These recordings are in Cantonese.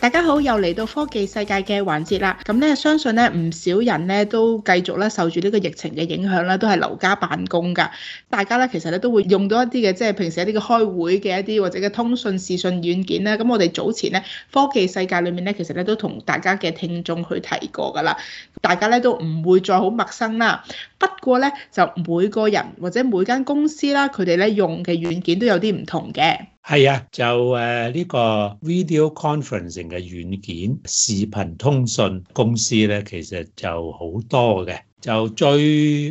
大家好，又嚟到科技世界嘅環節啦。咁咧，相信咧唔少人咧都繼續咧受住呢個疫情嘅影響啦，都係留家辦公噶。大家咧其實咧都會用到一啲嘅，即係平時一啲嘅開會嘅一啲或者嘅通訊視訊軟件咧。咁我哋早前咧科技世界裏面咧，其實咧都同大家嘅聽眾去提過噶啦。大家咧都唔會再好陌生啦。不過咧，就每個人或者每間公司啦，佢哋咧用嘅軟件都有啲唔同嘅。係啊，就誒呢個 video conferencing 嘅軟件視頻通訊公司咧，其實就好多嘅，就最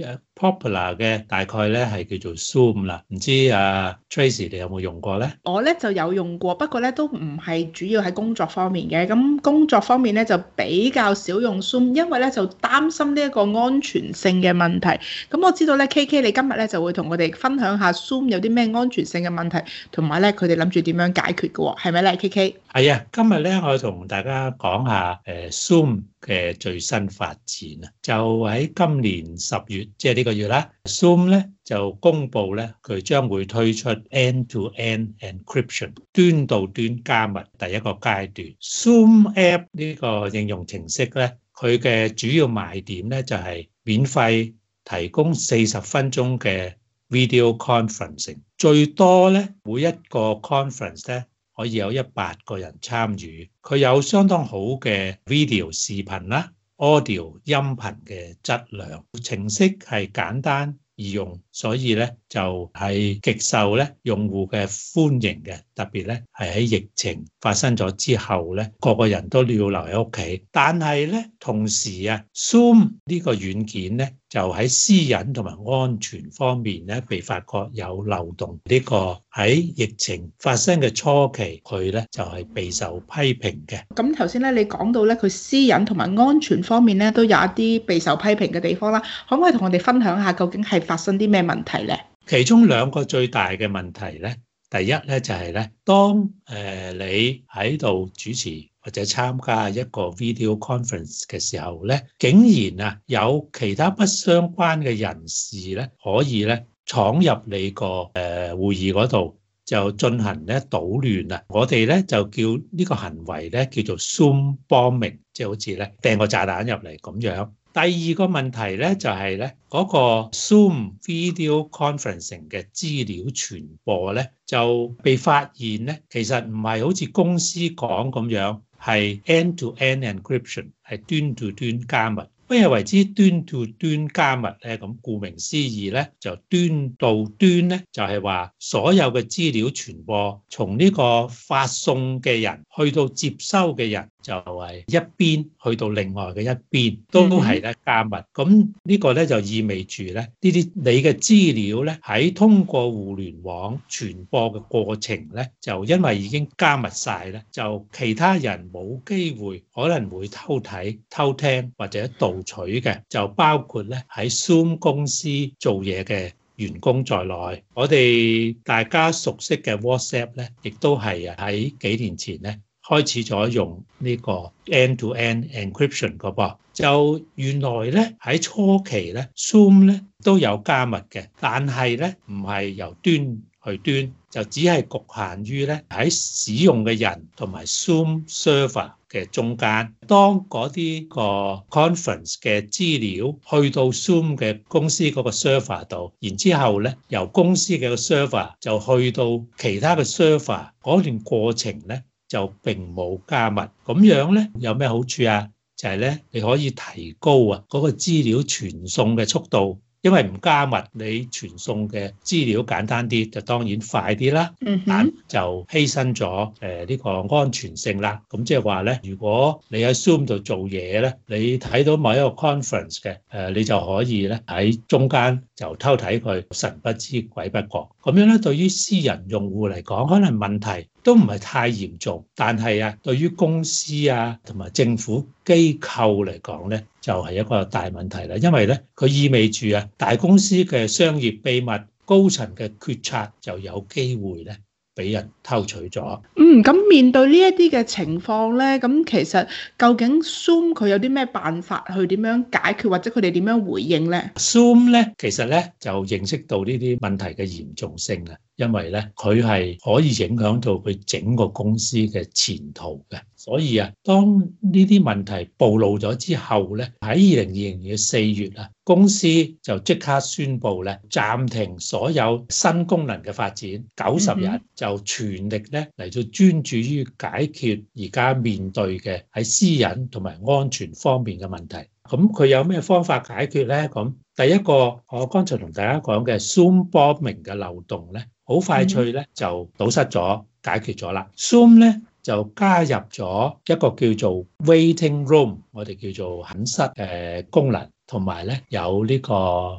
誒。Popular 嘅大概咧係叫做 Zoom 啦、啊，唔知啊 Tracy 你有冇用過咧？我咧就有用過，不過咧都唔係主要喺工作方面嘅。咁工作方面咧就比較少用 Zoom，因為咧就擔心呢一個安全性嘅問題。咁我知道咧，KK 你今日咧就會同我哋分享下 Zoom 有啲咩安全性嘅問題，同埋咧佢哋諗住點樣解決嘅喎，係咪咧，KK？係啊，今日咧，我要同大家講下誒 Zoom 嘅最新發展啊。就喺今年十月，即係呢個月啦。Zoom 咧就公佈咧，佢將會推出 end-to-end encryption 端到端加密第一個階段。Zoom app 呢個應用程式咧，佢嘅主要賣點咧就係免費提供四十分鐘嘅 video conferencing，最多咧每一個 conference 咧，可以有一百個人參與，佢有相當好嘅 video 視頻啦，audio 音頻嘅質量，程式，係簡單易用，所以咧就係極受咧用戶嘅歡迎嘅。特別咧，係喺疫情發生咗之後咧，個個人都要留喺屋企。但係咧，同時啊，Zoom 呢個軟件咧，就喺私隱同埋安全方面咧，被發覺有漏洞。呢個喺疫情發生嘅初期，佢咧就係備受批評嘅。咁頭先咧，你講到咧，佢私隱同埋安全方面咧，都有一啲備受批評嘅地方啦。可唔可以同我哋分享下，究竟係發生啲咩問題咧？其中兩個最大嘅問題咧。第一咧就係、是、咧，當誒你喺度主持或者參加一個 video conference 嘅時候咧，竟然啊有其他不相關嘅人士咧，可以咧闖入你個誒會議嗰度就進行咧搗亂啊！我哋咧就叫呢個行為咧叫做 Zoom bombing，即係好似咧掟個炸彈入嚟咁樣。第二個問題咧，就係咧嗰個 Zoom Video Conferencing 嘅資料傳播咧，就被發現咧，其實唔係好似公司講咁樣，係 end to end encryption，係端到端加密。乜嘢為之端到端加密咧？咁顧名思義咧，就端到端咧，就係話所有嘅資料傳播，從呢個發送嘅人去到接收嘅人。就係一邊去到另外嘅一邊，都係咧加密。咁呢個咧就意味住咧呢啲你嘅資料咧喺通過互聯網傳播嘅過程咧，就因為已經加密晒咧，就其他人冇機會可能會偷睇、偷聽或者盜取嘅。就包括咧喺 Zoom 公司做嘢嘅員工在內，我哋大家熟悉嘅 WhatsApp 咧，亦都係啊喺幾年前咧。開始咗用呢個 end-to-end encryption 嘅噃，就原來咧喺初期咧 Zoom 咧都有加密嘅，但係咧唔係由端去端，就只係侷限於咧喺使用嘅人同埋 Zoom server 嘅中間。當嗰啲個 conference 嘅資料去到 Zoom 嘅公司嗰個 server 度，然之後咧由公司嘅個 server 就去到其他嘅 server 嗰段過程咧，就並冇加密，咁樣咧有咩好處啊？就係咧，你可以提高啊嗰個資料傳送嘅速度，因為唔加密，你傳送嘅資料簡單啲，就當然快啲啦。嗯就犧牲咗誒呢個安全性啦。咁即係話咧，如果你喺 Zoom 度做嘢咧，你睇到某一個 conference 嘅誒，你就可以咧喺中間就偷睇佢神不知鬼不覺。咁樣咧，對於私人用戶嚟講，可能問題都唔係太嚴重，但係啊，對於公司啊同埋政府機構嚟講咧，就係一個大問題啦。因為咧，佢意味住啊，大公司嘅商業秘密、高層嘅決策就有機會咧。俾人偷取咗。嗯，咁面對呢一啲嘅情況咧，咁其實究竟 Zoom 佢有啲咩辦法去點樣解決，或者佢哋點樣回應咧？Zoom 咧，其實咧就認識到呢啲問題嘅嚴重性喇，因為咧佢係可以影響到佢整個公司嘅前途嘅。所以啊，當呢啲問題暴露咗之後咧，喺二零二零年嘅四月啊，公司就即刻宣布咧暫停所有新功能嘅發展，九十日就全力咧嚟做專注於解決而家面對嘅喺私隱同埋安全方面嘅問題。咁佢有咩方法解決咧？咁第一個我剛才同大家講嘅 Zoom bombing 嘅漏洞咧，好快脆咧就堵塞咗解決咗啦。Zoom 咧。就加入咗一個叫做 waiting room，我哋叫做肯室嘅功能，同埋咧有呢個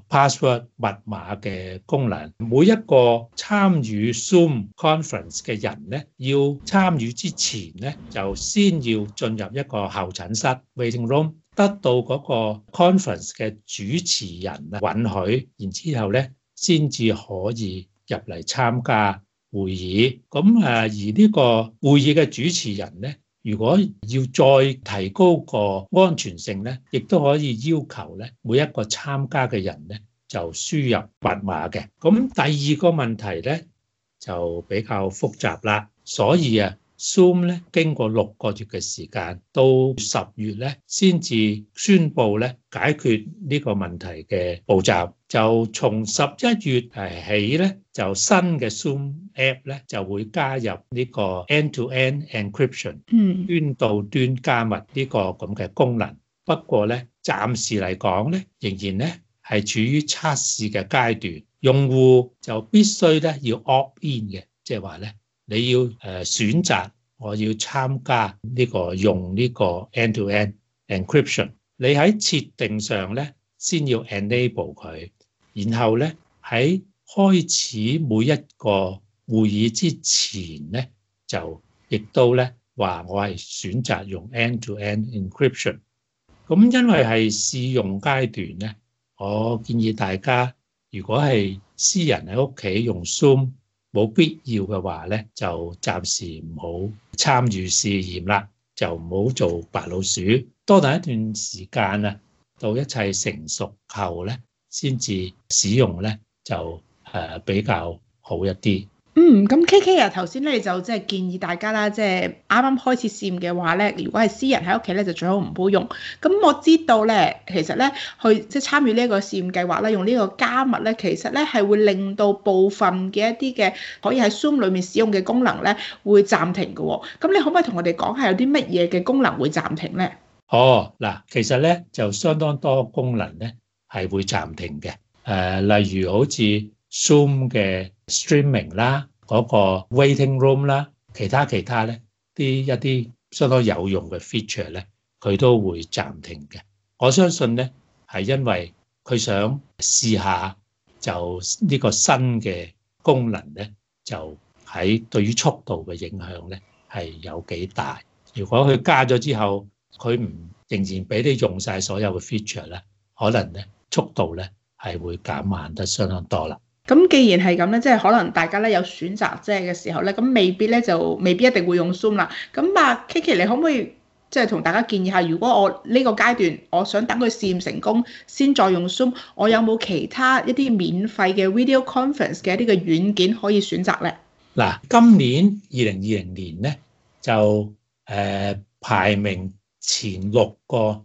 password 密碼嘅功能。每一個參與 Zoom conference 嘅人咧，要參與之前咧，就先要進入一個候診室 waiting room，得到嗰個 conference 嘅主持人允許，然之後咧先至可以入嚟參加。會議咁誒，而呢個會議嘅主持人呢，如果要再提高個安全性呢，亦都可以要求呢每一個參加嘅人呢就輸入密碼嘅。咁第二個問題呢就比較複雜啦，所以啊 Zoom 呢經過六個月嘅時間，到十月呢先至宣布呢解決呢個問題嘅步驟。就從十一月係起咧，就新嘅 Zoom App 咧就會加入呢個 end-to-end encryption、嗯、端到端加密呢個咁嘅功能。不過咧，暫時嚟講咧，仍然咧係處於測試嘅階段。用戶就必須咧要 opt in 嘅，即係話咧你要誒選擇我要參加呢個用呢個 end-to-end encryption。你喺設定上咧先要 enable 佢。然後咧，喺開始每一個會議之前咧，就亦都咧話我係選擇用 end-to-end encryption。咁、嗯、因為係試用階段咧，我建議大家如果係私人喺屋企用 Zoom 冇必要嘅話咧，就暫時唔好參與試驗啦，就唔好做白老鼠。多等一段時間啊，到一切成熟後咧。先至使用咧，就誒比較好一啲。嗯，咁 K K 啊，頭先咧就即係建議大家啦，即係啱啱開始試驗嘅話咧，如果係私人喺屋企咧，就最好唔好用。咁我知道咧，其實咧去即係參與呢個試驗計劃啦，用呢個加密咧，其實咧係會令到部分嘅一啲嘅可以喺 Zoom 裏面使用嘅功能咧，會暫停嘅哦。咁你可唔可以同我哋講下有啲乜嘢嘅功能會暫停咧？哦，嗱，其實咧就相當多功能咧。係會暫停嘅，誒，例如好似 Zoom 嘅 streaming 啦，嗰個 waiting room 啦，其他其他咧啲一啲相當有用嘅 feature 咧，佢都會暫停嘅。我相信咧係因為佢想試下就呢個新嘅功能咧，就喺對於速度嘅影響咧係有幾大。如果佢加咗之後，佢唔仍然俾你用晒所有嘅 feature 咧，可能咧。速度咧係會減慢得相當多啦。咁既然係咁咧，即係可能大家咧有選擇即係嘅時候咧，咁未必咧就未必一定會用 Zoom 啦。咁啊，Kiki，你可唔可以即係同大家建議下，如果我呢個階段我想等佢試驗成功先再用 Zoom，我有冇其他一啲免費嘅 video conference 嘅一啲嘅軟件可以選擇咧？嗱，今年二零二零年咧就誒排名前六個。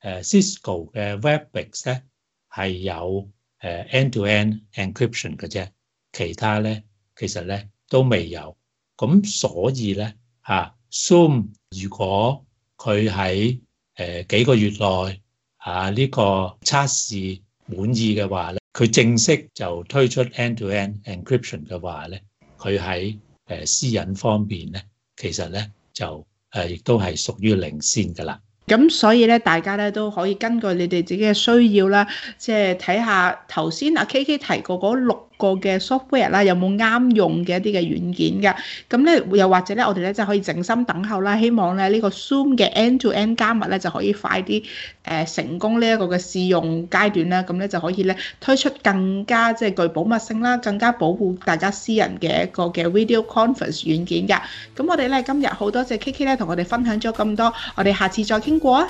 誒 Cisco 嘅 Webex 咧係有誒 end-to-end encryption 嘅啫，其他咧其實咧都未有，咁所以咧嚇 Zoom 如果佢喺誒幾個月內啊呢個測試滿意嘅話咧，佢正式就推出 end-to-end encryption 嘅話咧，佢喺誒私隱方面咧其實咧就誒亦都係屬於領先㗎喇。咁所以咧，大家咧都可以根據你哋自己嘅需要啦，即係睇下頭先阿 K K 提過嗰六個嘅 software 啦，有冇啱用嘅一啲嘅軟件噶。咁咧又或者咧，我哋咧就可以靜心等候啦。希望咧呢、呢個 Zoom 嘅 end-to-end 加密咧就可以快啲誒成功呢一個嘅試用階段啦。咁咧就可以咧推出更加即係、即係、具保密性啦，更加保護大家私人嘅一個嘅 video conference 軟件噶。咁我哋咧今日好多謝 K K 咧同我哋分享咗咁多，我哋下次再傾過啊。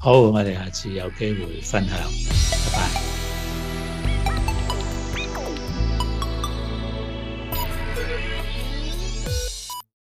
好，我哋下次有機會分享。